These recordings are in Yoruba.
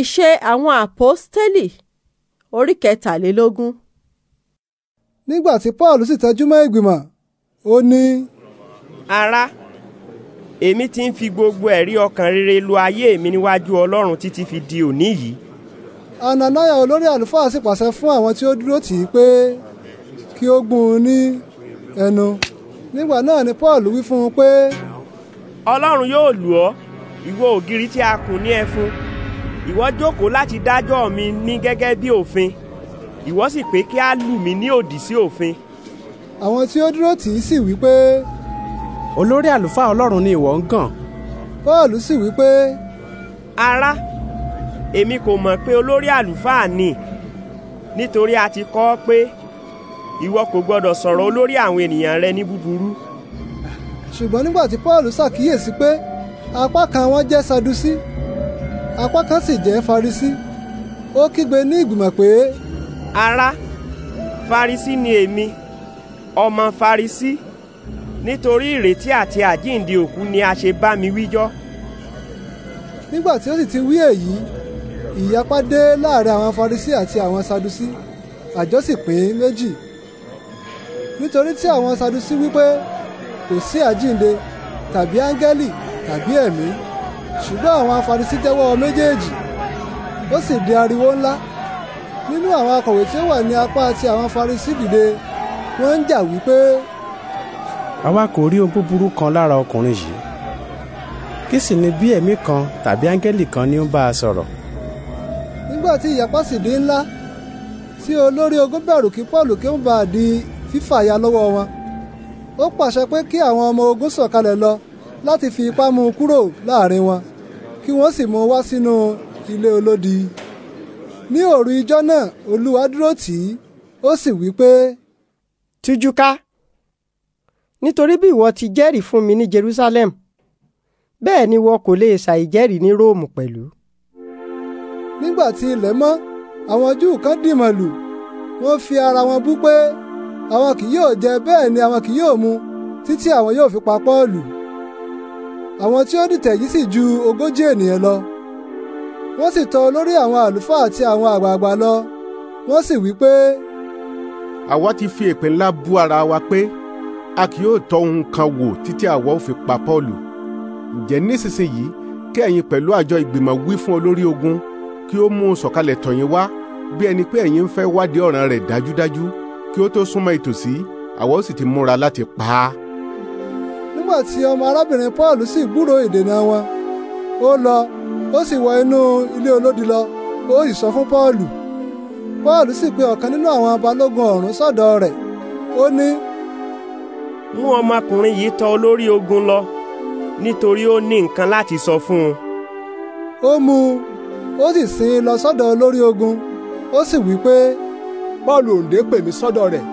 Ìṣe àwọn Àpọ́stélì orí kẹtàlélógún. Nígbà tí Paul sì tẹjú mọ́ ìgbìmọ̀, ó ní. Ará, èmi ti ń fi gbogbo ẹ̀rí ọkàn rere lo ayé mi níwájú Ọlọ́run títí fi di òní yìí. Ananaya olórí àlùfáà sì pàṣẹ fún àwọn tí ó dúró tì í pé kí ó gún un ní ẹnu. Nígbà náà ni Paul wí fún un pé. Ọlọ́run yóò lù ọ́, ìwọ ògiri tí a kùn ní ẹfun. E ìwọ jókòó láti dájọ́ mi ní gẹ́gẹ́ bí òfin ìwọ sì pé kí a lù mí ní òdì sí òfin. àwọn tí ó dúró tì í sì wí pé. olórí àlùfáà ọlọ́run ni ìwọ ń gàn. paul sì wí pé. ará èmi kò mọ̀ pé olórí àlùfáà ni nítorí a ti kọ́ pé ìwọ kò gbọdọ̀ sọ̀rọ̀ olórí àwọn ènìyàn rẹ ní búburú. ṣùgbọ́n nígbà tí paul ṣàkíyèsí pé apá kan wọn jẹ́ sadusí apá kan sì jẹ́ Farisí ó kígbe ní ìgbìmọ̀ pé. ará farisi, ni èmi ọmọ Farisí nítorí ìrètí àti àjíǹde òkú ni a ṣe bá mi wíjọ́. nígbà tí ó sì ti wí èyí ìyapa dé láàrin àwọn Farisí àti àwọn Sadusí àjọ sì pín méjì nítorí tí àwọn Sadusí wípé kò sí àjíǹde tàbí áńgẹ́lì tàbí ẹ̀mí. E ṣùgbọ́n àwọn afarisi jẹ́wọ́ méjèèjì ó sì di ariwo ńlá nínú àwọn akọ̀wé tí ó wà ní apá ti àwọn farisi dìde wọ́n ń jà wípé. àwa kò rí ohun búburú kan lára ọkùnrin yìí kí sì ni bí ẹ̀mí kan tàbí áńgẹ́lì kan ni ó ń bá a sọ̀rọ̀. nígbà tí ìyapa sì di ńlá tí olórí ogun bẹ̀rù kí pọ́ọ̀lù kí ó bá a di fífàya lọ́wọ́ wọn ó pàṣẹ pé kí àwọn ọmọ ogun sọ̀kalẹ̀ lọ láti fi ipá mú un kúrò láàrin wọn kí wọ́n sì mú un wá sínú ilé olódi ní òru ijọ́ náà olúwa dúró tì í ó sì wí pé. tújú nítorí bí ìwọ ti jẹ́rìí fún mi ní Jerusalem bẹ́ẹ̀ ni wọn kò lè ṣàìjẹ́rìí ní Róòmù pẹ̀lú. nígbà tí ilẹ̀ mọ́ àwọn Júù kan dìmọ̀lù wọ́n fi ara wọn bú pé àwọn kì yóò jẹ bẹ́ẹ̀ ni àwọn kì yóò mu títí àwọn yóò fi pa Pọ́ọ̀lù àwọn tí ó dìtẹ̀ yìí sì ju ogójì ènìyàn lọ wọ́n sì tọ olórí àwọn àlùfáà àti àwọn àgbààgbà lọ wọ́n sì wí pé. àwa ti fi èpè ńlá bú ara wa pé a kì yóò tọ́ ohun kan wò títí àwa ò fi pa Pọ́ọ̀lù ǹjẹ́ nísinsìnyí kí ẹ̀yin pẹ̀lú àjọ ìgbìmọ̀ wí fún olórí ogun kí ó mú un sọ̀kalẹ̀ tọ̀ yín wá bí ẹni pé ẹ̀yin ń fẹ́ wádìí ọ̀ràn rẹ̀ dájúdájú kí ó tó súnmọ́ ìtòsí àwa ó sì ti múra láti pa á nígbà tí ọmọ arábìnrin paul sì gbúròó ìdènà wọn ó lọ ó sì wọ inú ilé olódi lọ ó sì sọ fún paul paul sì pe ọ̀kan nínú àwọn balógun ọ̀rún sọ́dọ̀ rẹ̀ ó ní. mú ọmọkùnrin yìí tọ̀ olórí ogun lọ nítorí ó ní nǹkan láti sọ fún un. ó mú ó sì sin lọ sọ́dọ̀ olórí ogun ó sì wí pé. paul òǹdè pè mí sọ́dọ̀ rẹ̀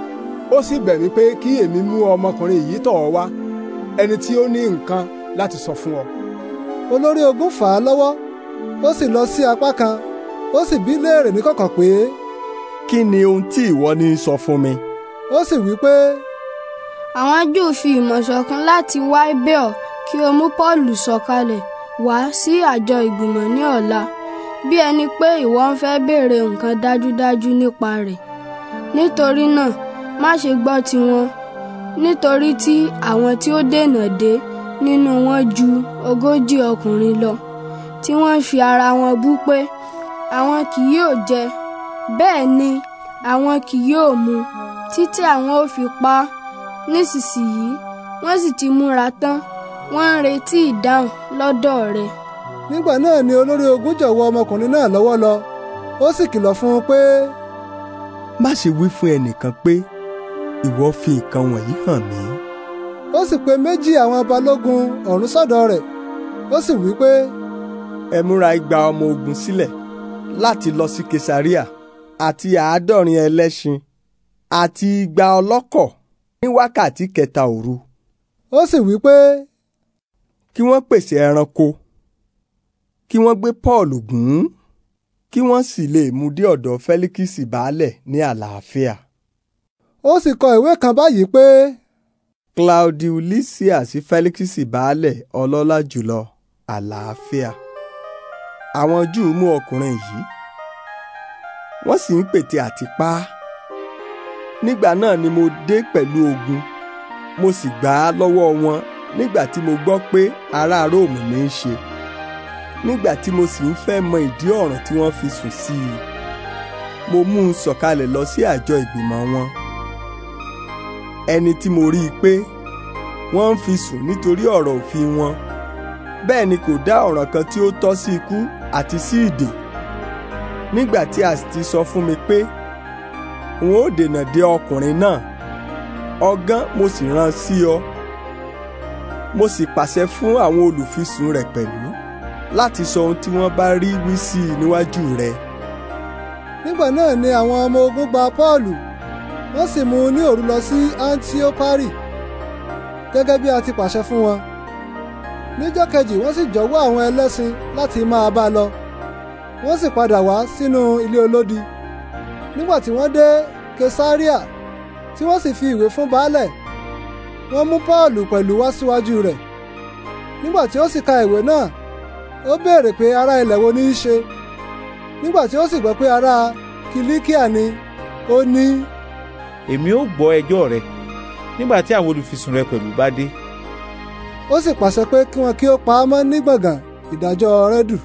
ó sì bẹ̀ mí pé kí èmi mú ọmọkùnrin yìí tọ̀ ọ́ wá ẹni tí ó ní nǹkan láti sọ fún ọ. olórí ogun fà á lọ́wọ́ ó sì lọ sí apá kan ó sì bí léèrè níkọ̀kọ̀ pé. kí ni ohun tí ìwọ ní sọ fún mi. ó sì wí pé. àwọn júù fi ìmọ̀ ṣọ̀kan láti wá ibẹ̀ ọ̀ kí o mú pọ́ọ̀lù sọ̀kalẹ̀ wá sí àjọ ìgbìmọ̀ ní ọ̀la bí ẹni pé ìwọ ń fẹ́ béèrè nǹkan dájúdájú nípa rẹ̀ nítorí náà má ṣe gbọ́ tiwọn nítorí tí àwọn tí ó dènà dé nínú wọn ju ogójì ọkùnrin lọ tí wọ́n fi ara wọn bú pé àwọn kì yóò jẹ bẹ́ẹ̀ ni àwọn kì yóò mu títí àwọn ò fi pa á nísinsìnyí wọ́n sì ti múra tán wọ́n ń retí ìdáhùn lọ́dọ̀ rẹ̀. nígbà náà ni olórí ogun jọ̀wọ́ ọmọkùnrin náà lọ́wọ́ lọ ó sì kìlọ̀ fún un pé. má ṣe wí fún ẹnìkan pé ìwọ fi nǹkan wọ̀nyí hàn mí. ó sì pe méjì àwọn balógun ọ̀rún sọ́dọ̀ rẹ̀ ó sì wí pé. ẹ múra igba ọmọ ogun sílẹ̀ láti lọ sí kesaria àti àádọ́rin ẹlẹ́ṣin àti igba ọlọ́kọ̀ ní wákàtí kẹta òru. ó sì wí pé. kí wọ́n pèsè ẹranko kí wọ́n gbé Paul gùn ún kí wọ́n sì lè mú dé ọ̀dọ̀ Fẹ́líkìsì baálẹ̀ ní àlàáfíà ó sì kọ ìwé kan báyìí pé. Claudiulisia sí Fẹ́líkísì baálẹ̀ ọlọ́lá jùlọ àlàáfíà. Àwọn Júù mú ọkùnrin yìí. Wọ́n sì ń pète àti pa á. Nígbà náà ni mo dé pẹ̀lú ogun. Mo sì gbà á lọ́wọ́ wọn nígbà tí mo gbọ́ pé ará Róòmù ní í ṣe. Nígbà tí mo sì ń fẹ́ mọ ìdí ọ̀ràn tí wọ́n fi sùn sí i. Mo mú un sọ̀kalẹ̀ lọ sí àjọ ìgbìmọ̀ wọn ẹni tí mo rí i pé wọ́n ń fi sùn nítorí ọ̀rọ̀ òfin wọn bẹ́ẹ̀ ni kò dá ọ̀ràn kan tí ó tọ́ sí ikú àti sí ìdè nígbà tí a sì ti sọ fún mi pé n ó dènà de ọkùnrin náà ọgán mo sì rán sí ọ mo sì pàṣẹ fún àwọn olùfisùn rẹ̀ pẹ̀lú láti sọ ohun tí wọ́n bá rí wí sí i níwájú rẹ̀. nígbà náà ni àwọn ọmọ ogun gba Pọ́ọ̀lù wọ́n sì mú un ní òru lọ sí Antiopari gẹ́gẹ́ bí a ti pàṣẹ fún wọn níjọ́ kejì wọ́n sì jọ̀wọ́ àwọn ẹlẹ́sìn láti máa bá a lọ wọ́n sì padà wá sínú ilé olódi nígbà tí wọ́n dé Kesaria tí wọ́n sì fi ìwé fún baálẹ̀ wọ́n mú Pọ́ọ̀lù pẹ̀lú wá síwájú rẹ̀ nígbà tí ó sì ka ìwé náà ó béèrè pé ará ilẹ̀ wo ní í ṣe nígbà tí ó sì gbọ́ pé ará Kìlíkíà ni ó ní í. èmi ò gbọ́ ẹjọ́ rẹ nígbà tí àwọn olùfisùn rẹ pẹ̀lú bá dé. ó sì pàṣẹ pé kí wọn kí ó pa á mọ́ ní gbọ̀ngàn ìdájọ́ rẹ́dù.